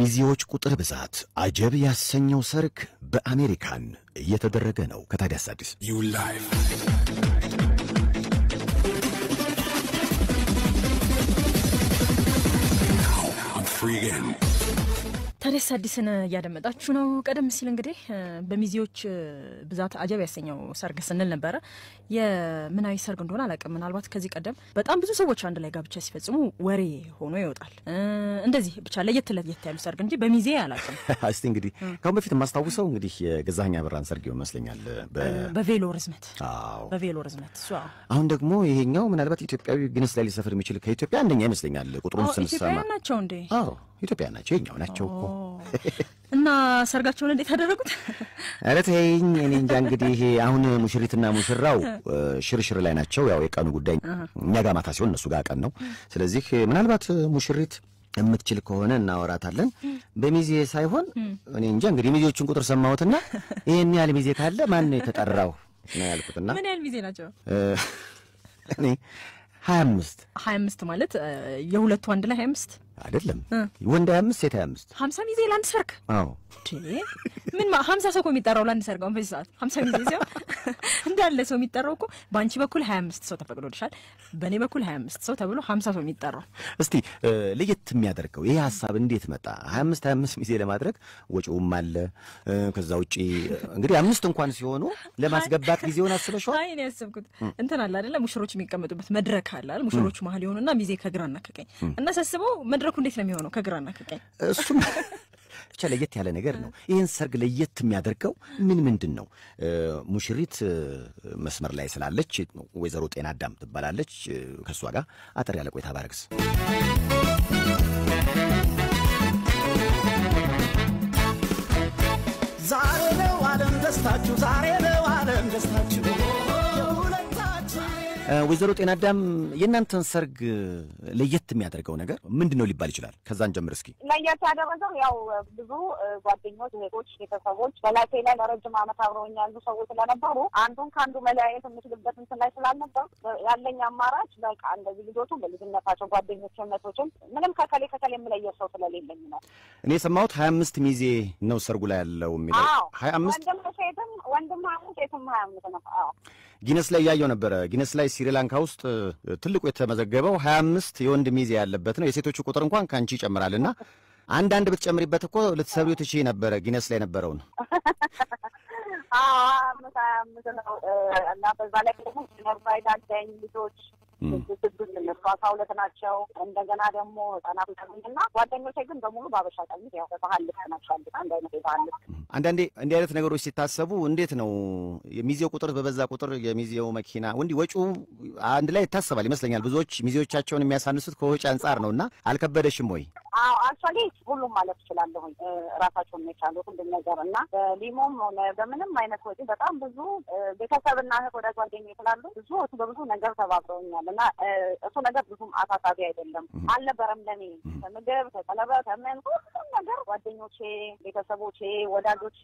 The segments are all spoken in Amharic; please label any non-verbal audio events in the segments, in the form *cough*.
ሚዚዎች ቁጥር ብዛት አጀብ ያሰኘው ሰርግ በአሜሪካን እየተደረገ ነው። ከታዲያስ አዲስ ዩ ተነስ አዲስን እያደመጣችሁ ነው። ቀደም ሲል እንግዲህ በሚዜዎች ብዛት አጀብ ያሰኘው ሰርግ ስንል ነበረ። የምን ሰርግ እንደሆነ አላውቅም። ምናልባት ከዚህ ቀደም በጣም ብዙ ሰዎች አንድ ላይ ጋብቻ ሲፈጽሙ ወሬ ሆኖ ይወጣል። እንደዚህ ብቻ ለየት ለየት ያሉ ሰርግ እንጂ በሚዜ አላውቅም። *laughs* እስቲ እንግዲህ ካሁን በፊት የማስታውሰው እንግዲህ የገዛኸኝ አበራን ሰርግ ይመስለኛል፣ በቬሎ ርዝመት። በቬሎ ርዝመት እሱ። አሁን ደግሞ ይሄኛው ምናልባት ኢትዮጵያዊ ግንስ ላይ ሊሰፍር የሚችል ከኢትዮጵያ አንደኛ ይመስለኛል። ቁጥሩን ስንሰማ ናቸው እንዴ? ናቸው። ይኛው ናቸው እኮ እና ሰርጋቸውን እንዴት ያደረጉት? *laughs* ኧረ ተይኝ፣ እኔ እንጃ። እንግዲህ አሁን ሙሽሪትና ሙሽራው ሽርሽር ላይ ናቸው። ያው የቀኑ ጉዳይ እኛ ጋር ማታ ሲሆን እነሱ ጋር ቀን ነው። ስለዚህ ምናልባት ሙሽሪት የምትችል ከሆነ እናወራታለን። በሚዜ ሳይሆን እኔ እንጃ እንግዲህ ሚዜዎችን ቁጥር ሰማሁትና *laughs* ይህን ያህል ሚዜ ካለ ማን ነው የተጠራው ነው ያልኩትና ምን ያህል ሚዜ ናቸው? *laughs* እኔ ሀያ አምስት ሀያ አምስት ማለት የሁለቱ አንድ ላይ ሀያ አምስት አይደለም ወንድ አምስት ሴት አምስት 50 ሚዜ ላንድ ሰርክ አዎ ምን ሀምሳ ሰው እኮ የሚጠራው ለአንድ ሰርግ አሁን በዚህ ሰዓት ሀምሳ ጊዜ ሲሆን *laughs* እንዳለ ሰው የሚጠራው እኮ በአንቺ በኩል ሀያ አምስት ሰው ተፈቅዶልሻል፣ በእኔ በኩል ሀያ አምስት ሰው ተብሎ ሀምሳ ሰው የሚጠራው። እስቲ ለየት የሚያደርገው ይሄ ሀሳብ እንዴት መጣ? ሀያ አምስት ሀያ አምስት ጊዜ ለማድረግ ወጪውም አለ። ከዛ ውጪ እንግዲህ አምስት እንኳን ሲሆኑ ለማስገባት *laughs* ጊዜውን አስበሽዋል? አይ እኔ ያስብኩት እንትን አለ አይደለ ሙሽሮች የሚቀመጡበት መድረክ አለ አይደል? ሙሽሮቹ መሀል የሆኑና ሚዜ ከግራና ከቀኝ እና እናሳስበው መድረኩ እንዴት ነው የሚሆነው? ከግራና ከቀኝ እሱም *laughs* ብቻ ለየት ያለ ነገር ነው። ይህን ሰርግ ለየት የሚያደርገው ምን ምንድን ነው? ሙሽሪት መስመር ላይ ስላለች ወይዘሮ ጤና አዳም ትባላለች። ከእሷ ጋር አጠር ያለ ቆይታ ባረግስ ዛሬ ነው ዓለም ደስታችሁ ዛሬ ነው ዓለም ደስታችሁ ወይዘሮ ጤና አዳም የእናንተን ሰርግ ለየት የሚያደርገው ነገር ምንድን ነው ሊባል ይችላል? ከዛን ጀምር እስኪ። ለየት ያደረገው ያው ብዙ ጓደኞች፣ እህቶች፣ ቤተሰቦች በላቴ ላይ ለረጅም ዓመት አብረውኝ ያሉ ሰዎች ስለነበሩ አንዱን ከአንዱ መለያየት የምችልበት እንትን ላይ ስላልነበር ያለኝ አማራጭ በቃ እንደዚህ ልጆቹ በልጅነታቸው ጓደኞች፣ እምነቶችም ምንም ከከሌ ከከሌ የምለየው ሰው ስለሌለኝ ነው። እኔ የሰማሁት ሀያ አምስት ሚዜ ነው ሰርጉ ላይ ያለው የሚለው ሀያ አምስት ወንድም ሴትም ወንድም ሀያ አምስት ሴትም ሀያ አምስት ነው። ጊነስ ላይ እያየው ነበረ ጊነስ ላይ ስሪላንካ ውስጥ ትልቁ የተመዘገበው ሀያ አምስት የወንድ ሚዜ ያለበት ነው። የሴቶቹ ቁጥር እንኳን ከአንቺ ይጨምራል እና አንዳንድ ብትጨምሪበት እኮ ልትሰብሪው ትችይ ነበረ ጊነስ ላይ ነበረውን እና በዛ ላይ ደግሞ ኖርቫይድ አለኝ ልጆች ስድስት እነሱ አስራ ሁለት ናቸው። እንደገና ደግሞ ህጻናቱ ጠቅምና ጓደኞቼ ግን በሙሉ በአበሻ ቀሚስ ያው በባህል ልብስ ናቸው። አንድ አይነት የባህል ልብስ። አንዳንዴ እንዲህ አይነት ነገሮች ሲታሰቡ እንዴት ነው የሚዜው ቁጥር በበዛ ቁጥር የሚዜው መኪና ወንዲ ወጪው አንድ ላይ ይታሰባል ይመስለኛል። ብዙዎች ሚዜዎቻቸውን የሚያሳንሱት ከወጪ አንጻር ነው እና አልከበደሽም ወይ? አዎ አክቹዋሊ ሁሉም ማለት እችላለሁ ራሳቸውን የቻሉ ሁሉም ነገር እና በሊሞም ሆነ በምንም አይነት ወጪ በጣም ብዙ ቤተሰብና እህት ወደ ጓደኛ ይችላሉ ብዙ እሱ በብዙ ነገር ተባብረውኛል እና እሱ ነገር ብዙም አሳሳቢ አይደለም አልነበረም ለኔ ከምግብ ከቀለበ ከምን ሁሉም ነገር ጓደኞቼ፣ ቤተሰቦቼ፣ ወዳጆቼ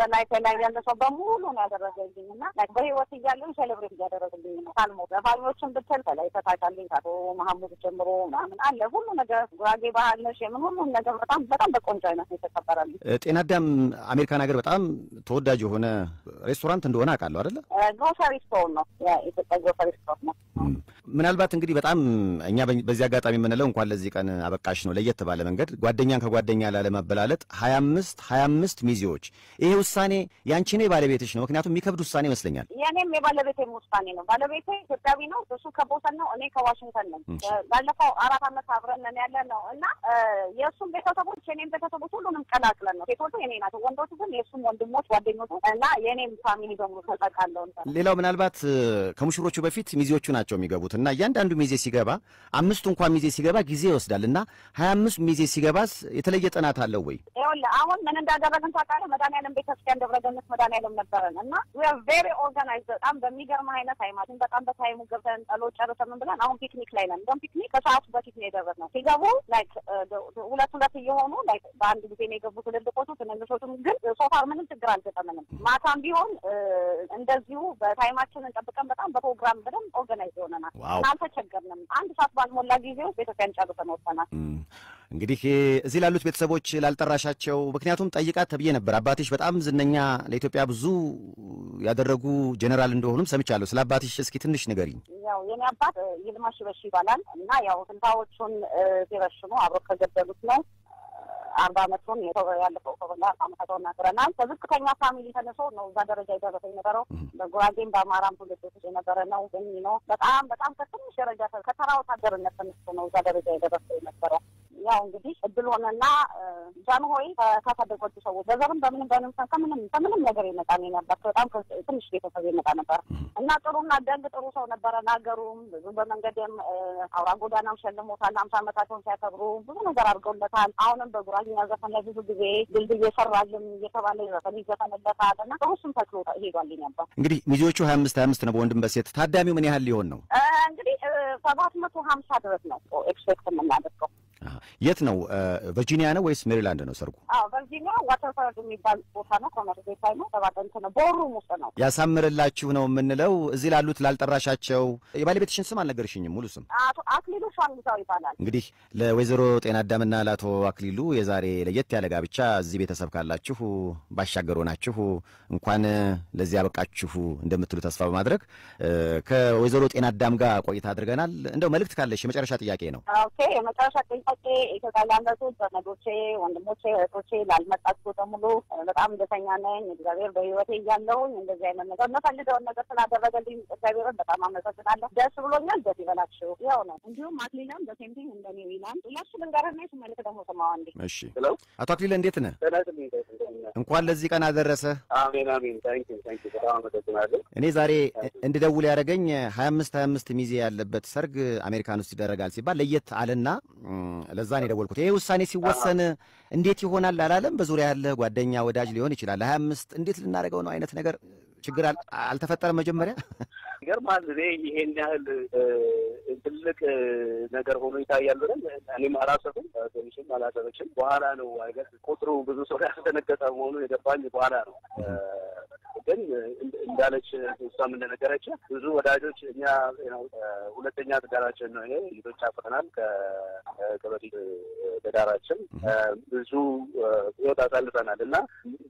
በላይ ከላይ ያለ ሰው በሙሉ ነው ያደረገልኝ እና በህይወት እያለኝ ሴሌብሬት እያደረግልኝ ነው ሳልሞ በፋሚዎችን ብትል ከላይ ተታቻልኝ ከአቶ መሀሙድ ጀምሮ ምናምን አለ ሁሉ ነገር ጉራጌ ባህል መቼ ምን ሁሉም ነገር በጣም በጣም በቆንጆ አይነት ነው የተቀበረል። ጤና አዳም አሜሪካን ሀገር በጣም ተወዳጅ የሆነ ሬስቶራንት እንደሆነ አውቃለሁ አይደለ? ግሮሰሪ ስቶር ነው፣ የኢትዮጵያ ግሮሰሪ ስቶር ነው። ምናልባት እንግዲህ በጣም እኛ በዚህ አጋጣሚ የምንለው እንኳን ለዚህ ቀን አበቃሽ ነው። ለየት ባለ መንገድ ጓደኛን ከጓደኛ ላለመበላለጥ ሀያ አምስት ሀያ አምስት ሚዜዎች ይሄ ውሳኔ ያንቺ ነው የባለቤትሽ ነው? ምክንያቱም የሚከብድ ውሳኔ ይመስለኛል። የእኔም የባለቤቴም ውሳኔ ነው። ባለቤቴ ኢትዮጵያዊ ነው። እሱ ከቦተን ነው፣ እኔ ከዋሽንግተን ነኝ። ባለፈው አራት ዓመት አብረን ነን ያለ ነው እና የእሱም ቤተሰቦች የኔም ቤተሰቦች ሁሉንም ቀላቅለን ነው። ሴቶቹ የኔ ናቸው፣ ወንዶቹ ግን የእሱም ወንድሞች ጓደኞቹ እና የእኔም ፋሚሊ በሙሉ ተጠቃለው። ሌላው ምናልባት ከሙሽሮቹ በፊት ሚዜዎቹ ናቸው የሚገቡት እና እያንዳንዱ ሚዜ ሲገባ አምስቱ እንኳ ሚዜ ሲገባ ጊዜ ይወስዳል እና ሀያ አምስት ሚዜ ሲገባስ የተለየ ጥናት አለው ወይ? ይኸውልህ አሁን ምን እንዳደረግን ታውቃለህ? መድኃኒዓለም ቤተክርስቲያን ደብረ ገነት መድኃኒዓለም ነበረን እና ቬሪ ኦርጋናይዝ በጣም በሚገርም አይነት አይማትን በጣም በታይሙ ገብተን ጸሎት ጨርሰምን ብለን አሁን ፒክኒክ ላይ ነን። እንደውም ፒክኒክ ከሰዓቱ በፊት ነው የደረስነው። ሲገቡ ላይክ ሁለት ሁለት እየሆኑ ላይክ በአንድ ጊዜ ነው የገቡ ትልልቆቹ ትንንሾቹም። ግን ሶፋር ምንም ችግር አልገጠመንም። ማታም ቢሆን እንደዚሁ በታይማችንን ጠብቀን በጣም በፕሮግራም በደንብ ኦርጋናይዝ የሆነናል። አልተቸገርንም። አንድ ሰዓት ባልሞላ ጊዜ ውስጥ ኢትዮጵያን ጨርሰን ወጥተናል። እንግዲህ እዚህ ላሉት ቤተሰቦች ላልጠራሻቸው፣ ምክንያቱም ጠይቃት ተብዬ ነበር። አባትሽ በጣም ዝነኛ ለኢትዮጵያ ብዙ ያደረጉ ጀኔራል እንደሆኑም ሰምቻለሁ። ስለ አባትሽ እስኪ ትንሽ ንገሪኝ። ያው የኔ አባት ይልማ ሺበሺ ይባላል እና ያው ስልታዎቹን ሲረሽኑ አብሮ ከገደሉት ነው አርባ አመቱን ያለፈው ከሆነ አርባ አመታቸውን ነግረናል። ከዝቅተኛ ፋሚሊ ተነሶ ነው እዛ ደረጃ የደረሰ የነበረው። በጉራጌም በአማራም ትውልድ ውስጥ የነበረ ነው። ግን ነው በጣም በጣም ከትንሽ ደረጃ ከተራ ወታደርነት ተነስቶ ነው እዛ ደረጃ የደረሰ ያው እንግዲህ እድል ሆነና ጃንሆይ ከተደጎዱ ሰዎች በዘርም በምንም በምንም ከምንም ከምንም ነገር የመጣ ነው ነበር። በጣም ትንሽ ቤተሰብ የመጣ ነበር እና ጥሩና ደንግ ጥሩ ሰው ነበረ። ናገሩም ብዙ በመንገድም አውራ ጎዳናም ሸልሞታል። ሀምሳ አመታቸውን ሲያከብሩ ብዙ ነገር አድርገውለታል። አሁንም በጉራኛ ዘፈን ላይ ብዙ ጊዜ ድልድይ የሰራልን እየተባለ ዘፈን ይዘፈንለታል እና ጥሩ ስም ተክሎ ሄዷል ነበር። እንግዲህ ሚዜዎቹ ሀያ አምስት ሀያ አምስት ነው በወንድም በሴት ታዳሚው ምን ያህል ሊሆን ነው? እንግዲህ ሰባት መቶ ሀምሳ ድረስ ነው ኤክስፔክት የምናደርገው የት ነው? ቨርጂኒያ ነው ወይስ ሜሪላንድ ነው ሰርጉ? ቨርጂኒያ ዋተርፈርድ የሚባል ቦታ ነው። ከመርቤታ ነው ተባጠንት ነው በሩም ውስጥ ነው። ያሳምርላችሁ ነው የምንለው። እዚህ ላሉት ላልጠራሻቸው፣ የባለቤትሽን ስም አልነገርሽኝም። ሙሉ ስም አቶ አክሊሉ ሻንጉታው ይባላል። እንግዲህ ለወይዘሮ ጤና አዳምና ለአቶ አክሊሉ የዛሬ ለየት ያለ ጋብቻ እዚህ ቤተሰብ ካላችሁ ባሻገሩ ናችሁ እንኳን ለዚህ ያበቃችሁ እንደምትሉ ተስፋ በማድረግ ከወይዘሮ ጤና አዳም ጋር ቆይታ አድርገናል። እንደው መልእክት ካለሽ የመጨረሻ ጥያቄ ነው። ኦኬ የመጨረሻ ጥያቄ ጥያቄ ኢትዮጵያ ላለሁት ዘመዶቼ፣ ወንድሞቼ፣ እህቶቼ ላልመጣችሁ በሙሉ በጣም ደስተኛ ነኝ። እግዚአብሔር በህይወቴ እያለሁኝ እንደዚህ አይነት ነገር የምፈልገውን ነገር ስላደረገልኝ እግዚአብሔርን በጣም አመሰግናለሁ። ደስ ብሎኛል። ደስ ይበላችሁ። ያው ነው። እንዲሁም አክሊላም በሴምቲንግ እንደኔ ይላል። ሁላችሁ ልንገርና ስመልክ ደግሞ ስማዋ እንዴ። እሺ፣ አቶ አክሊል እንዴት ነህ? እንኳን ለዚህ ቀን አደረሰ። አሜን አሜን። ታንኪ ታንኪ፣ በጣም አመሰግናለሁ። እኔ ዛሬ እንድደውል ያደረገኝ ሀያ አምስት ሀያ አምስት ሚዜ ያለበት ሰርግ አሜሪካን ውስጥ ይደረጋል ሲባል ለየት አለና ለዛ ነው የደወልኩት። ይህ ውሳኔ ሲወሰን እንዴት ይሆናል አላለም። በዙሪያ ያለ ጓደኛ ወዳጅ ሊሆን ይችላል። ለሀያ አምስት እንዴት ልናደርገው ነው አይነት ነገር ችግር አልተፈጠረም። መጀመሪያ ይገርማል። እኔ ይሄን ያህል ትልቅ ነገር ሆኖ ይታያሉ። እኔም አላሰብም ትንሽም አላሰበችም። በኋላ ነው አይገርም ቁጥሩ ብዙ ሰው ያስደነገጠ መሆኑን የገባኝ በኋላ ነው። ስትገኝ እንዳለች እሷም እንደነገረች ብዙ ወዳጆች እኛ ሁለተኛ ትዳራችን ነው ይሄ ልጆች አፍርተናል ከበፊት ትዳራችን ብዙ ህይወት አሳልፈናል እና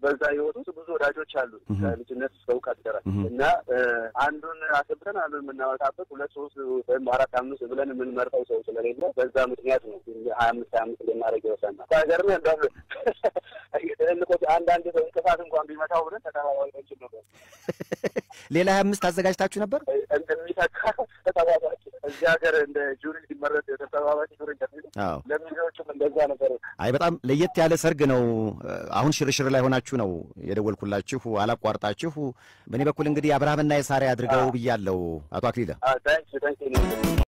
በዛ ህይወት ውስጥ ብዙ ወዳጆች አሉ ከልጅነት እስከ እውቀት ድረስ እና አንዱን አስብተን አንዱን የምናወጣበት ሁለት ሶስት ወይም አራት አምስት ብለን የምንመርጠው ሰው ስለሌለ በዛ ምክንያት ነው ሀያ አምስት ሀያ አምስት ልናደርግ ይወሰናል። አንዳንድ ሰው እንቅፋት እንኳን ቢመታው ብለን ተጠባባሪ ነችን ነበር። ሌላ ሀያ አምስት አዘጋጅታችሁ ነበር እንደሚተካ *laughs* ተጠባባሪ እዚህ ሀገር እንደ ጁሪ ሲመረጥ ተጠባባቂ ጁሪ ለሚዜዎቹም እንደዛ ነበር። አይ በጣም ለየት ያለ ሰርግ ነው። አሁን ሽርሽር ላይ ሆናችሁ ነው የደወልኩላችሁ፣ አላቋርጣችሁ። በእኔ በኩል እንግዲህ አብርሃምና የሳሪ አድርገው ብያለው አቶ አክሊለ